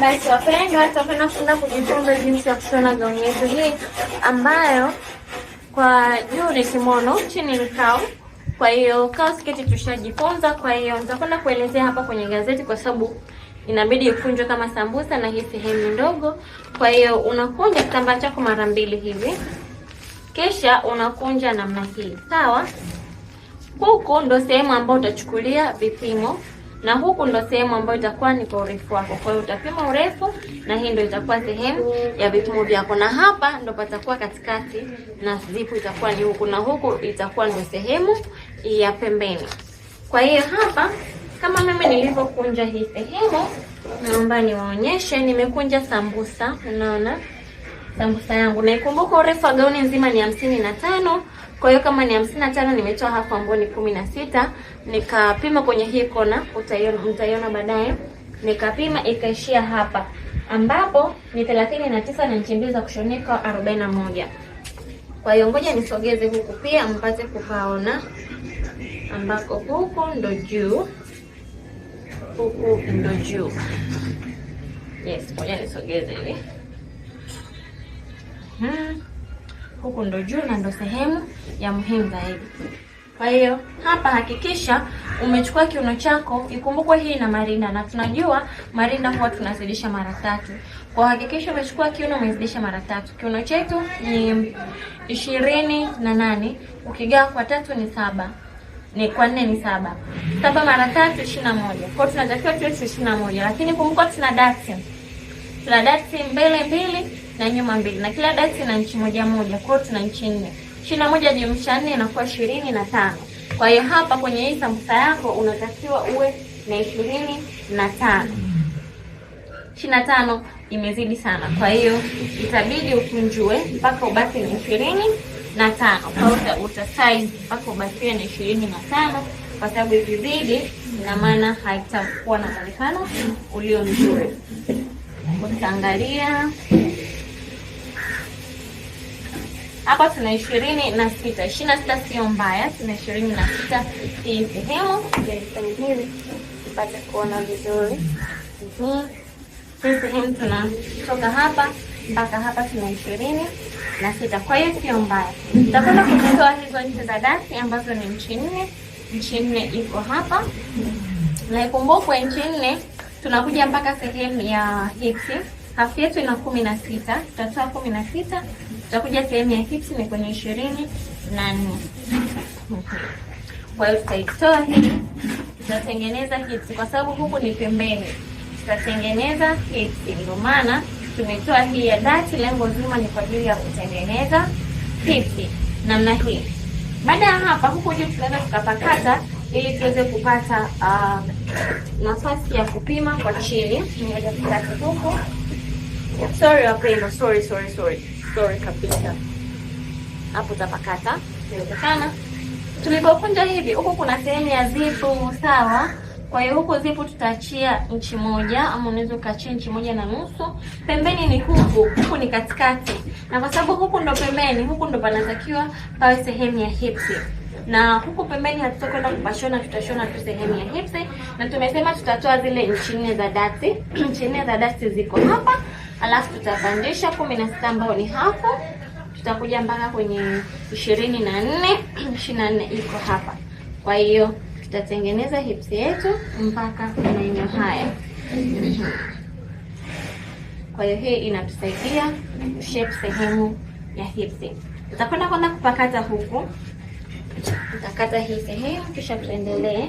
Basi wapendwa, tutakwenda kujifunza jinsi ya kushona gauni yetu hii ambayo kwa juu ni kimono, chini ni kau. Kwa hiyo kao sketi tushajifunza, kwa hiyo nitakwenda kuelezea hapa kwenye gazeti, kwa sababu inabidi ikunjwe kama sambusa na hii sehemu ndogo. Kwa hiyo unakunja kitambaa chako mara mbili hivi, kisha unakunja namna hii, sawa. Huku ndo sehemu ambayo utachukulia vipimo na huku ndo sehemu ambayo itakuwa ni kwa urefu wako. Kwa hiyo utapima urefu, na hii ndo itakuwa sehemu ya vipimo vyako, na hapa ndo patakuwa katikati, na zipu itakuwa ni huku, na huku itakuwa ndo sehemu ya pembeni. Kwa hiyo hapa kama mimi nilivyokunja hii sehemu, naomba niwaonyeshe, nimekunja sambusa, unaona sambusa yangu, naikumbuka urefu wa gauni nzima ni hamsini na tano kwa hiyo kama ni 55 tano nimetoa hapo ambapo ni kumi na sita nikapima kwenye hii kona, utaiona mtaiona baadaye, nikapima ikaishia hapa ambapo ni 39 na tisa na nchi mbili za kushonika 41. Kwa hiyo ngoja nisogeze huku pia mpate kupaona, ambako huku ndo juu, huku ndo juu. Yes, ngoja nisogeze hivi. Hmm. Huku ndo juu na ndo sehemu ya muhimu zaidi. Kwa hiyo hapa hakikisha umechukua kiuno chako. Ikumbukwe hii na marinda, na tunajua marinda huwa tunazidisha mara tatu. Kwa hakikisha umechukua kiuno umezidisha mara tatu. Kiuno chetu ni ishirini na nane, ukigawa kwa tatu ni saba ni kwa nne ni saba. Saba mara tatu ishirini na moja. Kwa tunatakiwa tuwe ishirini na moja, lakini kumbuka tuna dati, tuna dati mbele mbili na nyuma mbili, na kila dati ina nchi moja moja, kwa hiyo tuna nchi nne. Ishirini na moja jumlisha nne inakuwa ishirini na tano. Kwa hiyo hapa kwenye hii sambusa yako unatakiwa uwe na ishirini na tano. Ishirini na tano imezidi sana, kwa hiyo itabidi ukunjue mpaka ubaki na ishirini na tano. Kwa hiyo utasize mpaka ubakiwe na ishirini na tano kwa sababu ikizidi ina maana haitakuwa na mwonekano ulio mzuri. Utaangalia hapa tuna ishirini na sita. Ishirini na sita sio mbaya, tuna ishirini na sita hii sehemu hivi tupate kuona vizuri. Hii sehemu tunatoka hapa mpaka hapa tuna ishirini na sita, kwa hiyo sio mbaya. Tutakwenda kutoa hizo nchi za dasi ambazo ni nchi nne. Nchi nne iko hapa, na ikumbukwe nchi nne tunakuja mpaka sehemu ya hiki. Hafu yetu ina kumi na sita, tutatoa kumi na sita Tutakuja sehemu ya hips ni kwenye ishirini na nne. Kwa hiyo tutaitoa hii, tutatengeneza hips kwa sababu huku ni pembeni, tutatengeneza hips. Ndio maana tumetoa hii ya dati, lengo zima ni kwa ajili ya kutengeneza hips namna hii. Baada ya hapa, huku juu tunaweza tukapakata ili tuweze kupata uh, nafasi ya kupima kwa chini. Ngoja Sorry wapendwa, sorry sorry sorry. Sorry kabisa. Hapo tapakata iwezekana. Tulipokunja hivi, huku kuna sehemu ya zipu sawa. Kwa hiyo huku zipu tutaachia inchi moja ama unaweza ukaachia inchi moja na nusu. Pembeni ni huku, huku ni katikati, na kwa sababu huku ndo pembeni, huku ndo panatakiwa pawe sehemu ya hipsi na huku pembeni hatutakwenda kupashona, tutashona tu sehemu ya hipsi, na tumesema tutatoa zile inchi nne za dati. Inchi nne za dati ziko hapa alafu tutapandisha kumi na sita ambao ni hapo, tutakuja mpaka kwenye ishirini na nne ishirini na nne iko hapa. Kwa hiyo tutatengeneza hips yetu mpaka maeneo haya. Kwa hiyo hii inatusaidia shape sehemu ya hips. Tutakwenda kwanza kupakata huku, tutakata hii sehemu kisha tuendelee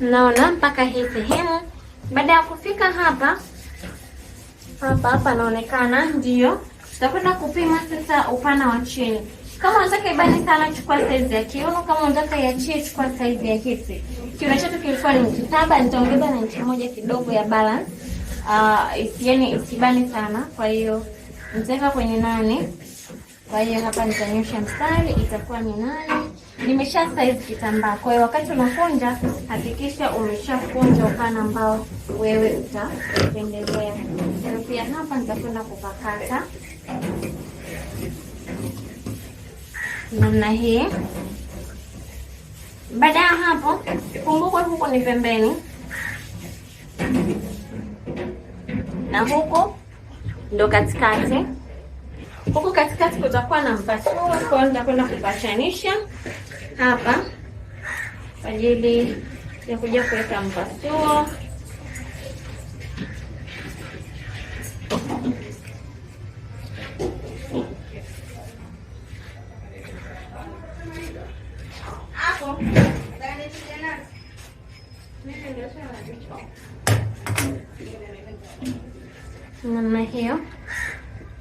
Naona mpaka hii sehemu. Baada ya kufika hapa hapa hapa, naonekana ndio tutakwenda kupima sasa upana wa chini. Kama unataka ibani sana, chukua size ya kiuno. Kama unataka chini, chukua size ya hizi. Kiuno chetu kilikuwa ni inchi saba, nitaongeza na inchi moja kidogo ya balance uh, ah, isieni isibani sana. Kwa hiyo nitaweka kwenye nane. Kwa hiyo hapa nitanyosha mstari, itakuwa ni nane. Nimesha size kitambaa. Kwa hiyo wakati unakunja, hakikisha umeshakunja upana ambao wewe utapendelea. Pia hapa nitakwenda kupakata namna hii. Baada ya hapo, kumbuka huko ni pembeni na huko ndo katikati. Huko katikati kutakuwa na mpasuo, oh, kwa hiyo nitakwenda kupachanisha hapa kwa ajili ya kuja kuweka mpasuo.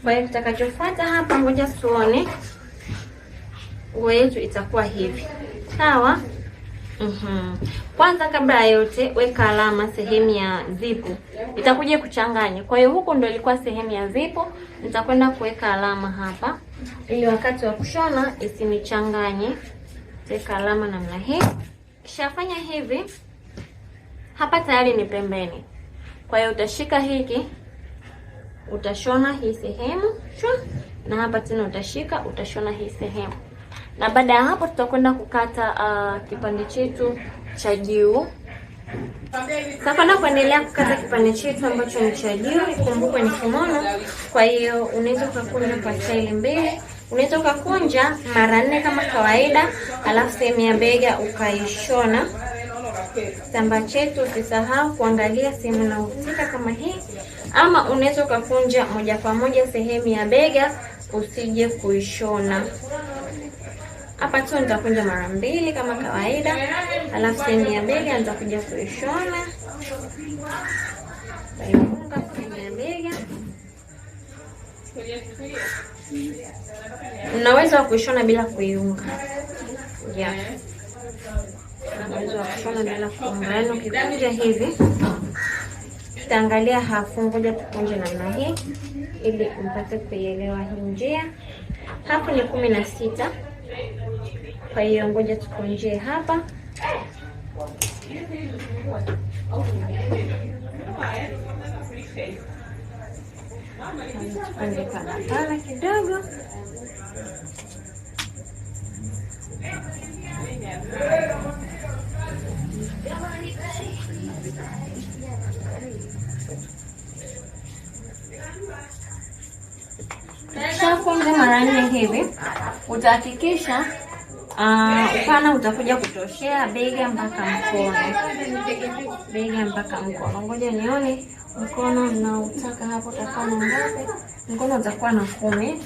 Kwa hiyo kitakachofuata hapa, ngoja tuone nguo yetu itakuwa hivi, sawa? Mm-hmm. Kwanza kabla ya yote weka alama sehemu ya zipu, itakuja kuchanganya. Kwa hiyo huku ndo ilikuwa sehemu ya zipu, nitakwenda kuweka alama hapa ili wakati wa kushona isinichanganye. Weka alama namna hii, kishafanya hivi hapa tayari ni pembeni. Kwa hiyo utashika hiki utashona hii sehemu shwa, na hapa tena utashika utashona hii sehemu, na baada ya hapo tutakwenda kukata uh, kipande chetu cha juu. Tutakwenda kuendelea kukata kipande chetu ambacho ni cha juu. Kumbuka ni kimono, kwa hiyo unaweza ukakunja kwa staili mbili. Unaweza ukakunja mara nne kama kawaida, alafu sehemu ya bega ukaishona. Kitambaa chetu usisahau kuangalia sehemu inayohusika kama hii ama unaweza ukakunja moja kwa moja sehemu ya bega, usije kuishona. Hapa tu nitakunja mara mbili kama kawaida, alafu sehemu ya bega nitakuja kuishona taifunga wa Unaweza kuishona bila kuiunga, yeah. Unaweza kuishona bila kuunga, yaani ukikunja hivi tutaangalia hafu. Ngoja tukunje namna hii ili mpate kuielewa hii njia. Hafu ni kumi na sita, kwa hiyo ngoja tukunjie hapa tukunje kidogo Ukishafunga mara nne hivi utahakikisha uh, upana utakuja kutoshea bega mpaka mkono, bega mpaka mkono. Ngoja nione mkono mnaotaka hapo utakuwa na ngapi? Mkono utakuwa na kumi.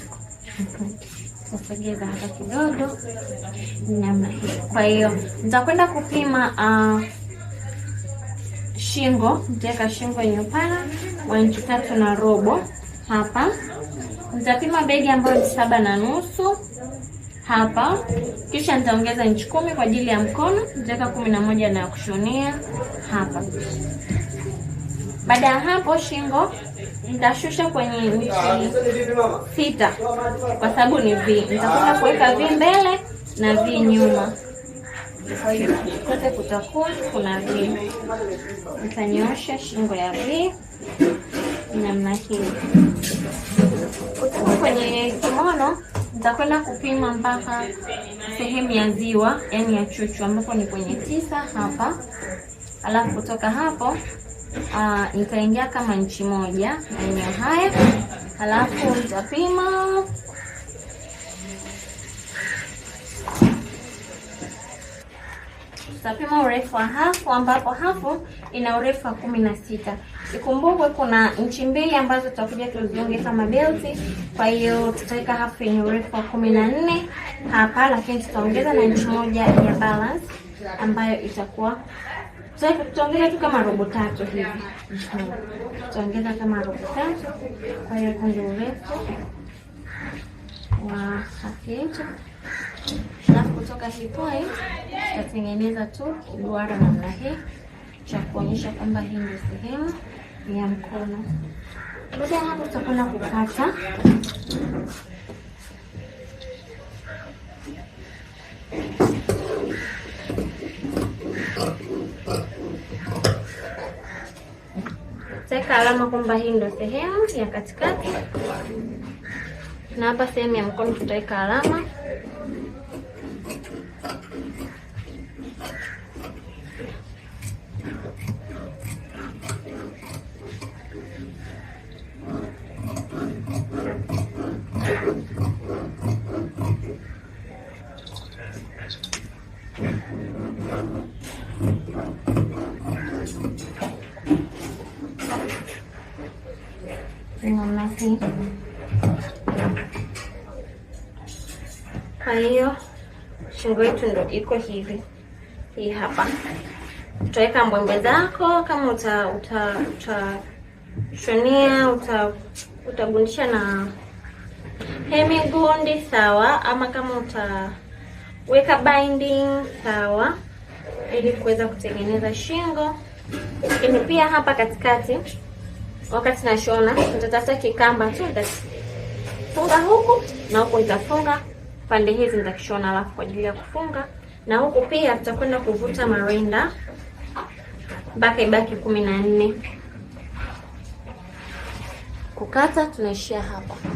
Tasogeza hata kidogo namna Kwa hiyo nitakwenda kupima uh, shingo, nitaweka shingo yenye upana wa inchi tatu na robo hapa. Nitapima begi ambayo ni saba na nusu hapa, kisha nitaongeza inchi kumi kwa ajili ya mkono, nitaweka kumi na moja na kushonea hapa. Baada ya hapo shingo nitashusha kwenye inchi sita kwa sababu ni vi, Nitakwenda kuweka vi mbele na vi nyuma. Kwa hiyo kote kutakuwa kuna V. Nitanyoosha shingo ya V namna hii. Kutoka kwenye kimono nitakwenda kupima mpaka sehemu ya ziwa, yaani ya chuchu, ambapo ni kwenye tisa hapa, alafu kutoka hapo ah, nitaingia kama nchi moja maeneo haya, alafu nitapima tutapima urefu wa hafu ambapo hafu ina urefu wa kumi na sita. Ikumbukwe kuna nchi mbili ambazo tutakuja tuziunge kama belti, kwa hiyo tutaweka hafu yenye urefu wa kumi na nne hapa, lakini tutaongeza na nchi moja ya balance ambayo itakuwa tutaongeza tu kama robo tatu hivi, tutaongeza kama robo tatu. Kwa hiyo kundi urefu wa hafu yetu kutoka hii point tutatengeneza tu duara namna hii cha kuonyesha kwamba hii ndio sehemu ya mkono. Baada ya hapo, tutakwenda kukata teka alama kwamba hii ndio sehemu ya katikati, na hapa sehemu ya mkono tutaweka alama. manazi. Kwa hiyo shingo yetu ndio iko hivi, hii hapa. Utaweka mbwembe zako kama uta utashonea uta, utagundisha uta na hemi gundi sawa, ama kama utaweka binding sawa, ili kuweza kutengeneza shingo, lakini pia hapa katikati Wakati nashona nitatafuta kikamba tu, nitafunga huku na huku, nitafunga pande hizi nitakishona, alafu kwa ajili ya kufunga na huku pia tutakwenda kuvuta marinda mpaka ibaki kumi na nne. Kukata tunaishia hapa.